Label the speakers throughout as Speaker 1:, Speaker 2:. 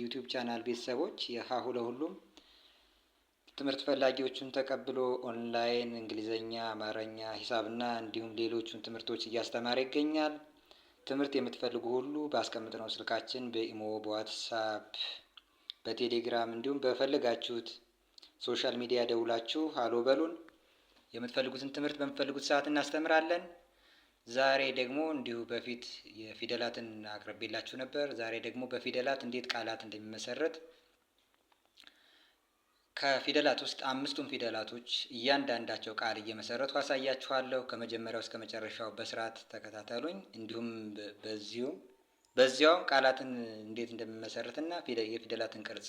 Speaker 1: ዩቲዩብ ቻናል ቤተሰቦች የሀሁ ለሁሉም ትምህርት ፈላጊዎቹን ተቀብሎ ኦንላይን እንግሊዘኛ፣ አማረኛ፣ ሂሳብና እንዲሁም ሌሎቹን ትምህርቶች እያስተማረ ይገኛል። ትምህርት የምትፈልጉ ሁሉ ባስቀምጥነው ስልካችን በኢሞ፣ በዋትሳፕ፣ በቴሌግራም እንዲሁም በፈለጋችሁት ሶሻል ሚዲያ ደውላችሁ አሎ በሉን። የምትፈልጉትን ትምህርት በምትፈልጉት ሰዓት እናስተምራለን። ዛሬ ደግሞ እንዲሁ በፊት የፊደላትን አቅርቤላችሁ ነበር። ዛሬ ደግሞ በፊደላት እንዴት ቃላት እንደሚመሰረት ከፊደላት ውስጥ አምስቱን ፊደላቶች እያንዳንዳቸው ቃል እየመሰረቱ አሳያችኋለሁ። ከመጀመሪያው እስከ መጨረሻው በስርዓት ተከታተሉኝ። እንዲሁም በዚሁ በዚያውም ቃላትን እንዴት ና የፊደላትን ቅርጽ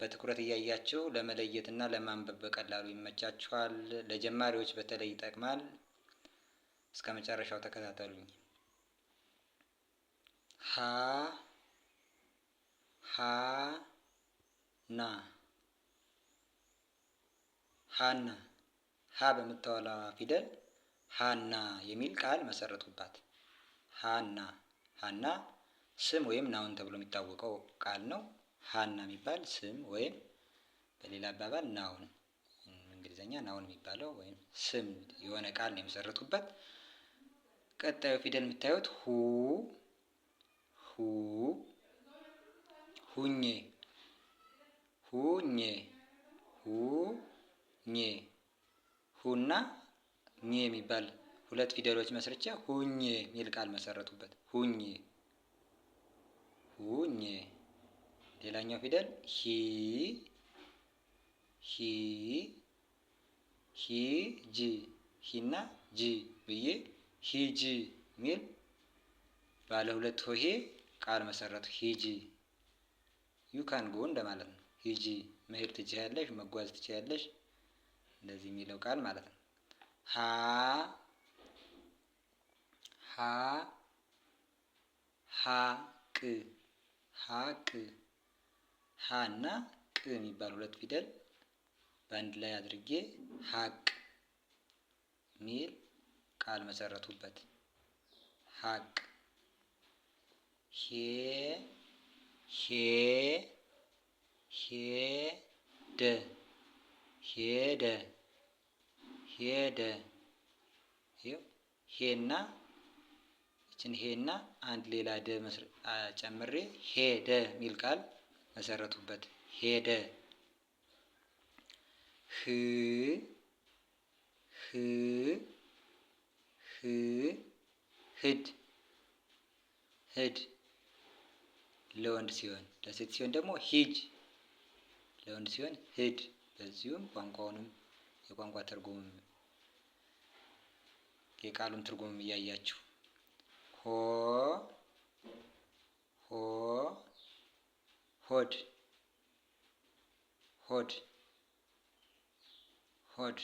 Speaker 1: በትኩረት እያያችሁ ለመለየትና ለማንበብ በቀላሉ ይመቻችኋል። ለጀማሪዎች በተለይ ይጠቅማል። እስከ መጨረሻው ተከታተሉኝ። ሀ ሀ ና ሀና ሀ በምትዋላ ፊደል ሀና የሚል ቃል መሰረቱባት። ሀና ሀና ስም ወይም ናውን ተብሎ የሚታወቀው ቃል ነው። ሀና የሚባል ስም ወይም በሌላ አባባል ናውን እንግሊዝኛ ናውን የሚባለው ወይም ስም የሆነ ቃል ነው የመሰረቱበት። ቀጣዩ ፊደል የምታዩት ሁ ሁ ሁኜ ሁኜ ሁኜ ሁና ኜ የሚባል ሁለት ፊደሎች መስርቻ ሁኜ የሚል ቃል መሰረቱበት። ሁኜ ሁኜ። ሌላኛው ፊደል ሂ ሂ ሂ ጂ ሂና ጂ ብዬ ሂጂ ሚል ባለ ሁለት ሆሄ ቃል መሰረቱ። ሂጂ ዩ ካን ጎ እንደማለት ነው። ሂጂ መሄድ ትችያለሽ፣ መጓዝ ትችያለሽ፣ እንደዚህ የሚለው ቃል ማለት ነው። ሀ ሀ ሀ ቅ ሀ እና ቅ የሚባል ሁለት ፊደል በአንድ ላይ አድርጌ ሀቅ ሚል ቃል መሰረቱበት። ሀቅ ሄ ሄ ሄደ ሄደ ሄደ ሄና ይችን ሄና አንድ ሌላ ደ ጨምሬ ሄደ የሚል ቃል መሰረቱበት። ሄደ ህ ህ ህ ህድ ህድ ለወንድ ሲሆን ለሴት ሲሆን ደግሞ ሂጅ ለወንድ ሲሆን ሂድ። በዚሁም ቋንቋውንም የቋንቋ ትርጉም የቃሉን ትርጉም እያያችሁ ሆ ሆ ሆድ ሆድ ሆድ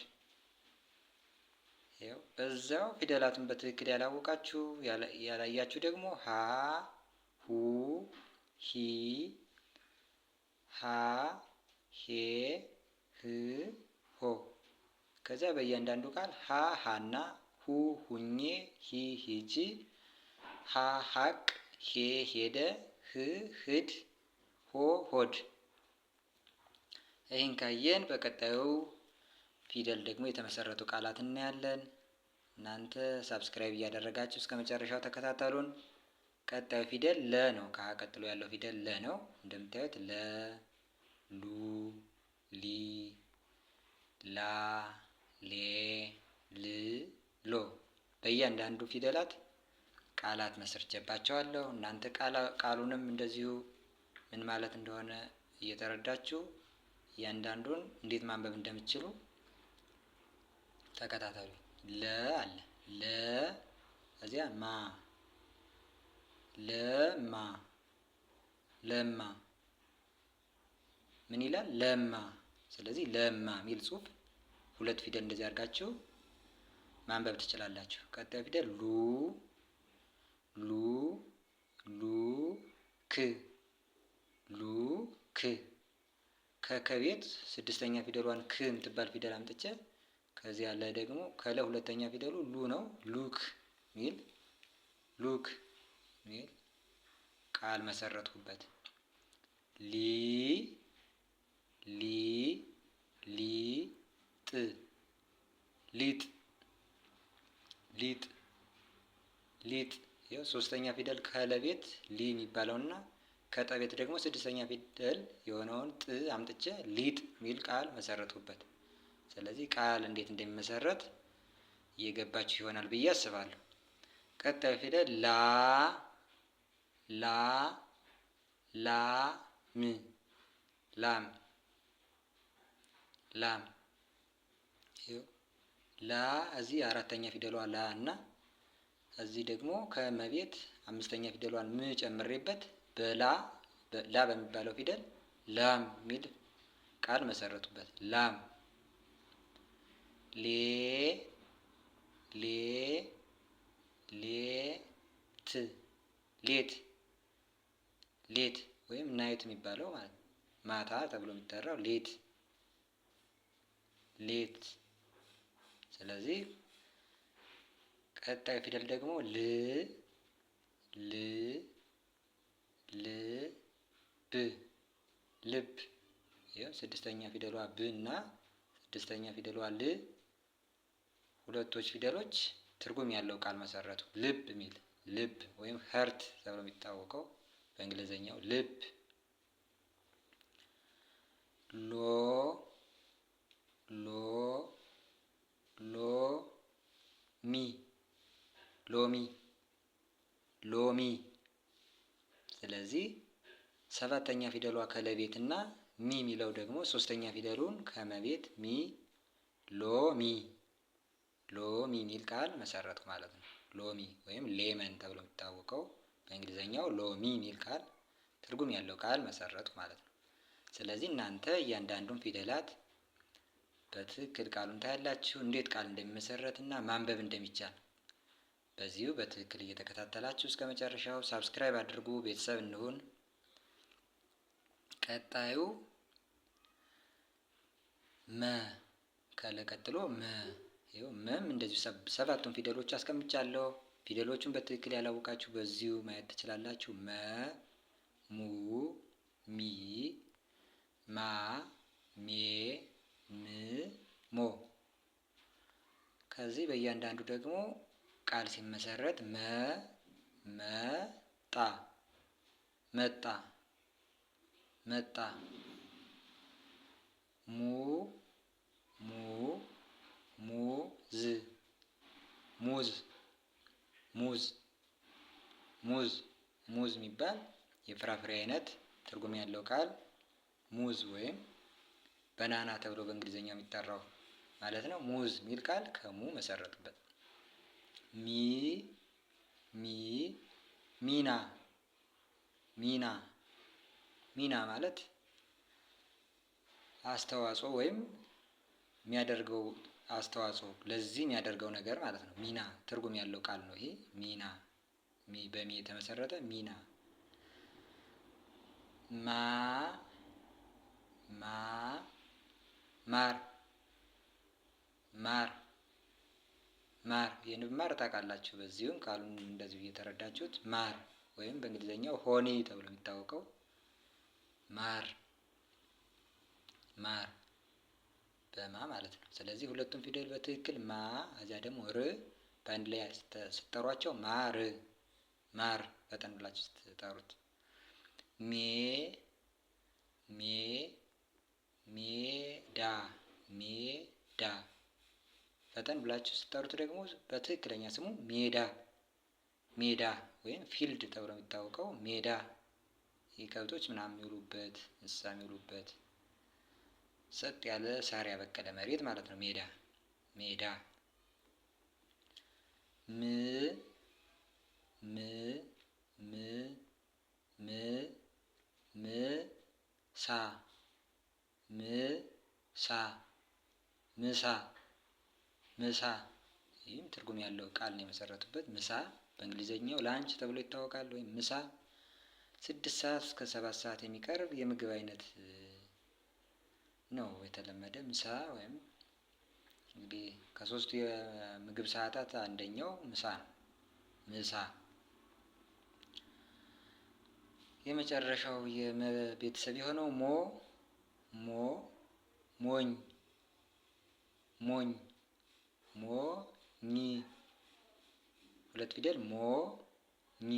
Speaker 1: ይኸው እዛው ፊደላትን በትክክል ያላወቃችሁ ያላያችሁ ደግሞ ሀ ሁ ሂ ሀ ሄ ህ ሆ ከዚያ በእያንዳንዱ ቃል ሀ ሀና ሁ ሁኜ ሂ ሂጂ ሀ ሀቅ ሄ ሄደ ህ ህድ ሆ ሆድ ይህን ካየን በቀጣዩ ፊደል ደግሞ የተመሰረቱ ቃላት እናያለን። እናንተ ሳብስክራይብ እያደረጋችሁ እስከ መጨረሻው ተከታተሉን። ቀጣዩ ፊደል ለ ነው። ከሀ ቀጥሎ ያለው ፊደል ለ ነው። እንደምታዩት ለ፣ ሉ፣ ሊ፣ ላ፣ ሌ፣ ል፣ ሎ በእያንዳንዱ ፊደላት ቃላት መስርቼባቸዋለሁ። እናንተ ቃሉንም እንደዚሁ ምን ማለት እንደሆነ እየተረዳችሁ እያንዳንዱን እንዴት ማንበብ እንደምትችሉ ተከታተሉ። ለ አለ ለ እዚያ ማ ለማ ለማ ምን ይላል? ለማ። ስለዚህ ለማ የሚል ጽሁፍ ሁለት ፊደል እንደዚህ አድርጋችሁ ማንበብ ትችላላችሁ። ቀጣዩ ፊደል ሉ ሉ ሉ ክ ሉ ክ ከከቤት ስድስተኛ ፊደሏን ክ የምትባል ፊደል አምጥቼ ከዚህ ያለ ደግሞ ከለ ሁለተኛ ፊደሉ ሉ ነው። ሉክ ሚል ሉክ ሚል ቃል መሰረትኩበት። ሊ ሊ ሊ ጥ ሊጥ ሊጥ ሊጥ ይኸው ሶስተኛ ፊደል ከለቤት ሊ የሚባለውና ከጠቤት ደግሞ ስድስተኛ ፊደል የሆነውን ጥ አምጥቼ ሊጥ ሚል ቃል መሰረትኩበት። ስለዚህ ቃል እንዴት እንደሚመሰረት እየገባችሁ ይሆናል ብዬ አስባለሁ። ቀጣዩ ፊደል ላ ላ ላ ም ላም ላም ላ እዚህ አራተኛ ፊደሏ ላ እና እዚህ ደግሞ ከመቤት አምስተኛ ፊደሏን ም ጨምሬበት በላ ላ በሚባለው ፊደል ላም የሚል ቃል መሰረቱበት ላም ሌ ሌ ሌ ሌት ሌት ወይም ናይት የሚባለው ማለት ነው። ማታ ተብሎ የሚጠራው ሌት ሌት። ስለዚህ ቀጣይ ፊደል ደግሞ ል ል ል ብ ልብ። ይኸው ስድስተኛ ፊደሏ ብ እና ስድስተኛ ፊደሏ ል ሁለቶች ፊደሎች ትርጉም ያለው ቃል መሰረቱ። ልብ የሚል ልብ ወይም ሀርት ተብሎ የሚታወቀው በእንግሊዝኛው ልብ። ሎ ሎ ሎ ሚ ሎሚ ሎሚ። ስለዚህ ሰባተኛ ፊደሏ ከለቤት እና ሚ የሚለው ደግሞ ሶስተኛ ፊደሉን ከመቤት ሚ ሎሚ ሎሚ የሚል ቃል መሰረትኩ ማለት ነው። ሎሚ ወይም ሌመን ተብሎ የሚታወቀው በእንግሊዝኛው ሎሚ የሚል ቃል ትርጉም ያለው ቃል መሰረትኩ ማለት ነው። ስለዚህ እናንተ እያንዳንዱን ፊደላት በትክክል ቃሉን ታያላችሁ፣ እንዴት ቃል እንደሚመሰረት እና ማንበብ እንደሚቻል በዚሁ በትክክል እየተከታተላችሁ እስከ መጨረሻው ሳብስክራይብ አድርጉ። ቤተሰብ እንሁን። ቀጣዩ መ ከለቀጥሎ መ ምም እንደዚሁ ሰባቱን ፊደሎች አስቀምጫለሁ። ፊደሎቹን በትክክል ያላወቃችሁ በዚሁ ማየት ትችላላችሁ። መ፣ ሙ፣ ሚ፣ ማ፣ ሜ፣ ም፣ ሞ። ከዚህ በእያንዳንዱ ደግሞ ቃል ሲመሰረት መ፣ መጣ፣ መጣ፣ መጣ፣ ሙ፣ ሙ ሙዝ ሙዝ ሙዝ ሙዝ ሙዝ የሚባል የፍራፍሬ አይነት ትርጉም ያለው ቃል ሙዝ ወይም በናና ተብሎ በእንግሊዘኛ የሚጠራው ማለት ነው። ሙዝ የሚል ቃል ከሙ መሰረቱበት። ሚ ሚ ሚና ሚና ሚና ማለት አስተዋጽኦ ወይም የሚያደርገው አስተዋጽኦ ለዚህ የሚያደርገው ነገር ማለት ነው። ሚና ትርጉም ያለው ቃል ነው። ይሄ ሚና በሚ የተመሰረተ ሚና ማ ማ ማር ማር ማር የንብ ማር ታውቃላችሁ። በዚሁም ቃሉን እንደዚሁ እየተረዳችሁት ማር ወይም በእንግሊዝኛው ሆኒ ተብሎ የሚታወቀው ማር ማር በማ ማለት ነው። ስለዚህ ሁለቱም ፊደል በትክክል ማ እዚያ ደግሞ ር በአንድ ላይ ስትጠሯቸው ማር ማር ፈጠን ብላችሁ ስትጠሩት ሜ ሜ ሜዳ ሜዳ ፈጠን ብላችሁ ስትጠሩት ደግሞ በትክክለኛ ስሙ ሜዳ ሜዳ ወይም ፊልድ ተብሎ የሚታወቀው ሜዳ የከብቶች ምናምን የሚውሉበት እንስሳ የሚውሉበት ጸጥ ያለ ሳር ያበቀለ መሬት ማለት ነው። ሜዳ ሜዳ ም ም ም ም ም ሳ ም ሳ ምሳ ምሳ ይህም ትርጉም ያለው ቃል ነው የመሰረቱበት። ምሳ በእንግሊዘኛው ላንች ተብሎ ይታወቃል፣ ወይም ምሳ ስድስት ሰዓት እስከ ሰባት ሰዓት የሚቀርብ የምግብ አይነት ነው የተለመደ። ምሳ ወይም እንግዲህ ከሶስቱ የምግብ ሰዓታት አንደኛው ምሳ ነው። ምሳ የመጨረሻው የቤተሰብ የሆነው ሞ ሞ ሞኝ ሞኝ ሞ ኝ ሁለት ፊደል ሞ ኝ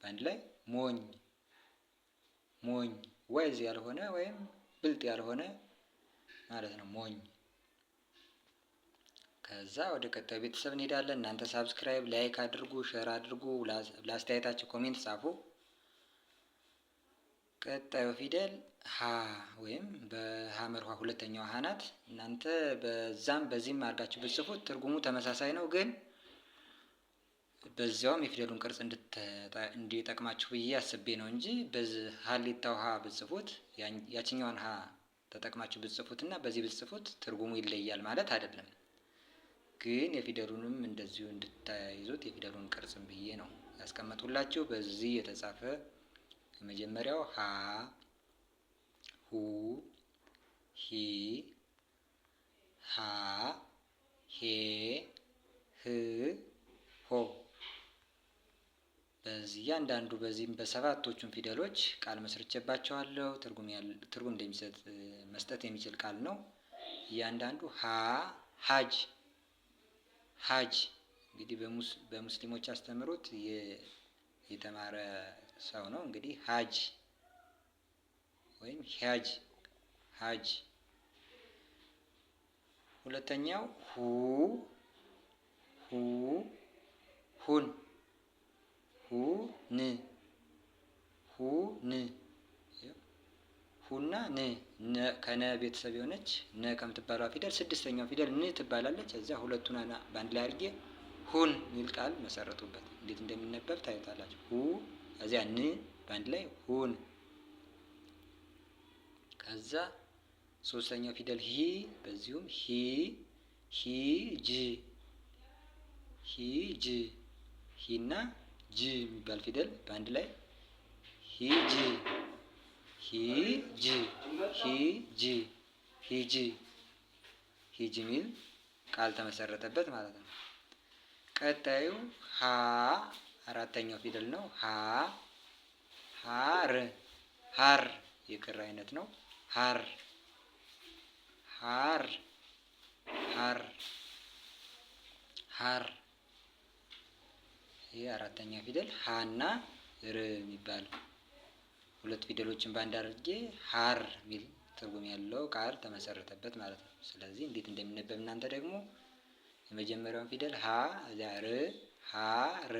Speaker 1: በአንድ ላይ ሞኝ ሞኝ ወይዝ ያልሆነ ወይም ብልጥ ያልሆነ ማለት ነው ሞኝ። ከዛ ወደ ቀጣዩ ቤተሰብ እንሄዳለን። እናንተ ሳብስክራይብ፣ ላይክ አድርጉ፣ ሼር አድርጉ፣ ለአስተያየታችሁ ኮሜንት ጻፉ። ቀጣዩ ፊደል ሀ ወይም በሀመርኋ ሁለተኛው ሀ ናት። እናንተ በዛም በዚህም አድርጋችሁ ብጽፉት ትርጉሙ ተመሳሳይ ነው፣ ግን በዚያውም የፊደሉን ቅርጽ እንዲጠቅማችሁ ብዬ አስቤ ነው እንጂ በዚህ ሀሊታው ሀ ብጽፉት ያችኛዋን ሀ ተጠቅማችሁ ብትጽፉት እና በዚህ ብትጽፉት ትርጉሙ ይለያል ማለት አይደለም። ግን የፊደሉንም እንደዚሁ እንድታይዙት የፊደሉን ቅርጽም ብዬ ነው ያስቀመጡላችሁ። በዚህ የተጻፈ የመጀመሪያው ሀ ሁ ሂ ሀ ሄ ህ እያንዳንዱ በዚህም በሰባቶቹም ፊደሎች ቃል መስርቼባቸዋለሁ። ትርጉም እንደሚሰጥ መስጠት የሚችል ቃል ነው። እያንዳንዱ ሀ ሀጅ ሀጅ እንግዲህ በሙስሊሞች አስተምሮት የተማረ ሰው ነው። እንግዲህ ሀጅ ወይም ሂያጅ ሀጅ። ሁለተኛው ሁ ሁ ሁን ን ሁ ን ሁና ን ከነ ቤተሰብ የሆነች ነ ከምትባለው ፊደል ስድስተኛው ፊደል ን ትባላለች። እዚያ ሁለቱን ና በአንድ ላይ አድርጌ ሁን የሚል ቃል መሰረቱበት። እንዴት እንደሚነበብ ታዩታላችሁ። ሁ እዚያ ን በአንድ ላይ ሁን። ከዛ ሶስተኛው ፊደል ሂ በዚሁም ሂ ሂ ጅ ሂ ጅ ሂና ጂ የሚባል ፊደል በአንድ ላይ ሂጂ ሂጂ ሂጂ ሂጂ ሂጂ የሚል ቃል ተመሰረተበት ማለት ነው። ቀጣዩ ሀ አራተኛው ፊደል ነው። ሀ ሀር ሀር የክር አይነት ነው። ሀር ሀር ሀር ሀር ይህ አራተኛ ፊደል ሀና ር የሚባል ሁለት ፊደሎችን በአንድ አድርጌ ሀር የሚል ትርጉም ያለው ቃል ተመሰረተበት ማለት ነው። ስለዚህ እንዴት እንደሚነበብ እናንተ ደግሞ የመጀመሪያውን ፊደል ሀ እዚያ ር ሀ ር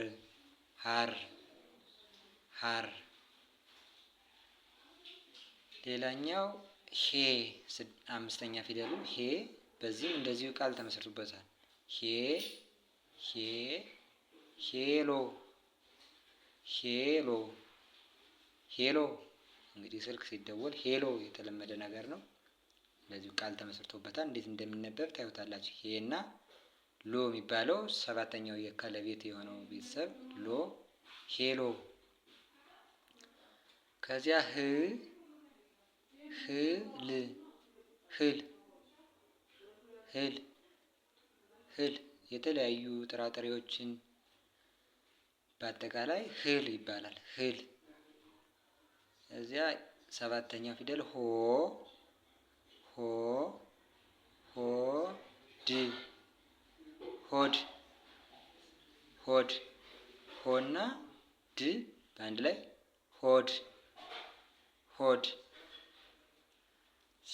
Speaker 1: ሀር ሀር። ሌላኛው ሄ አምስተኛ ፊደሉ ሄ፣ በዚህም እንደዚሁ ቃል ተመሰርቶበታል። ሄ ሄ ሄሎ ሄሎ ሄሎ እንግዲህ ስልክ ሲደወል ሄሎ የተለመደ ነገር ነው። እንደዚሁ ቃል ተመስርቶበታል። እንዴት እንደሚነበብ ታዩታላችሁ። ሄ እና ሎ የሚባለው ሰባተኛው የከለ ቤት የሆነው ቤተሰብ ሎ ሄሎ። ከዚያ ህ ህል ህል ህል ህል የተለያዩ ጥራጥሬዎችን በአጠቃላይ ህል ይባላል። ህል እዚያ ሰባተኛው ፊደል ሆ ሆ ሆ ድ ሆድ ሆድ ሆና ድ በአንድ ላይ ሆድ ሆድ።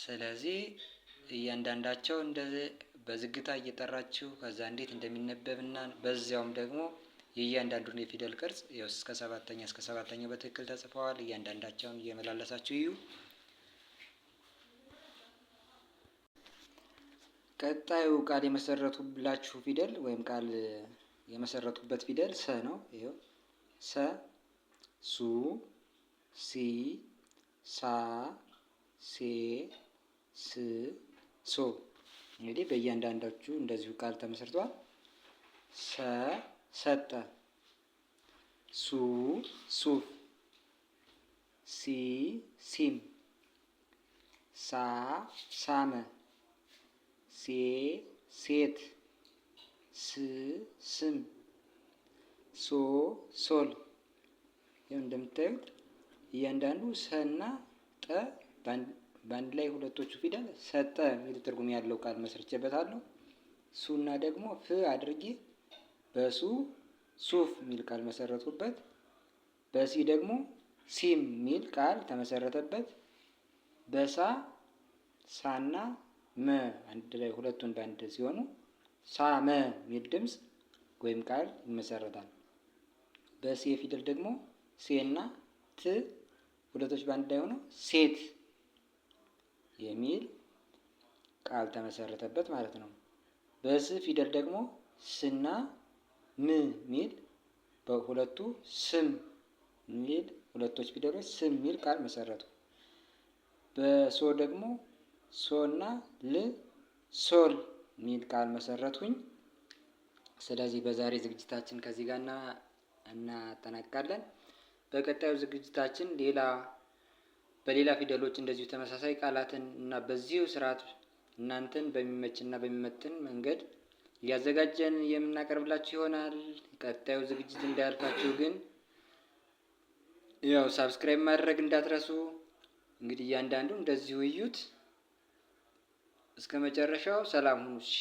Speaker 1: ስለዚህ እያንዳንዳቸው እንደዚህ በዝግታ እየጠራችሁ ከዛ እንዴት እንደሚነበብና በዚያውም ደግሞ የእያንዳንዱን የፊደል ቅርጽ እስከ ሰባተኛ እስከ ሰባተኛው በትክክል ተጽፈዋል። እያንዳንዳቸውን እየመላለሳችሁ ይዩ። ቀጣዩ ቃል የመሰረቱላችሁ ፊደል ወይም ቃል የመሰረቱበት ፊደል ሰ ነው። ይኸው ሰ፣ ሱ፣ ሲ፣ ሳ፣ ሴ፣ ስ፣ ሶ። እንግዲህ በእያንዳንዳችሁ እንደዚሁ ቃል ተመስርቷል። ሰ ሰጠ። ሱ ሱፍ ሲ ሲም ሳ ሳመ ሴ ሴት ስ ስም ሶ ሶል ይህም እንደምታዩት እያንዳንዱ ሰና ጠ በአንድ ላይ ሁለቶቹ ፊደል ሰጠ የሚል ትርጉም ያለው ቃል መስርቼበታለሁ። ሱና ደግሞ ፍ አድርጌ በሱ ሱፍ የሚል ቃል መሰረቱበት። በሲ ደግሞ ሲም የሚል ቃል ተመሰረተበት። በሳ ሳና መ አንድ ላይ ሁለቱን በአንድ ሲሆኑ ሳ መ የሚል ድምፅ ወይም ቃል ይመሰረታል። በሴ ፊደል ደግሞ ሴና ት ሁለቶች በአንድ ላይ ሆኖ ሴት የሚል ቃል ተመሰረተበት ማለት ነው። በስ ፊደል ደግሞ ስና ም ሚል በሁለቱ ስም ሚል ሁለቶች ፊደሎች ስም ሚል ቃል መሰረቱ። በሶ ደግሞ ሶና ል ሶል ሚል ቃል መሰረቱኝ። ስለዚህ በዛሬ ዝግጅታችን ከዚህ ጋር እናጠናቅቃለን። በቀጣዩ ዝግጅታችን ሌላ በሌላ ፊደሎች እንደዚሁ ተመሳሳይ ቃላትን እና በዚሁ ስርዓት እናንተን በሚመችና በሚመጥን መንገድ እያዘጋጀን የምናቀርብላችሁ ይሆናል። ቀጣዩ ዝግጅት እንዳያልፋችሁ ግን ያው ሳብስክራይብ ማድረግ እንዳትረሱ። እንግዲህ እያንዳንዱ እንደዚሁ እዩት እስከ መጨረሻው። ሰላም ሁኑሽ።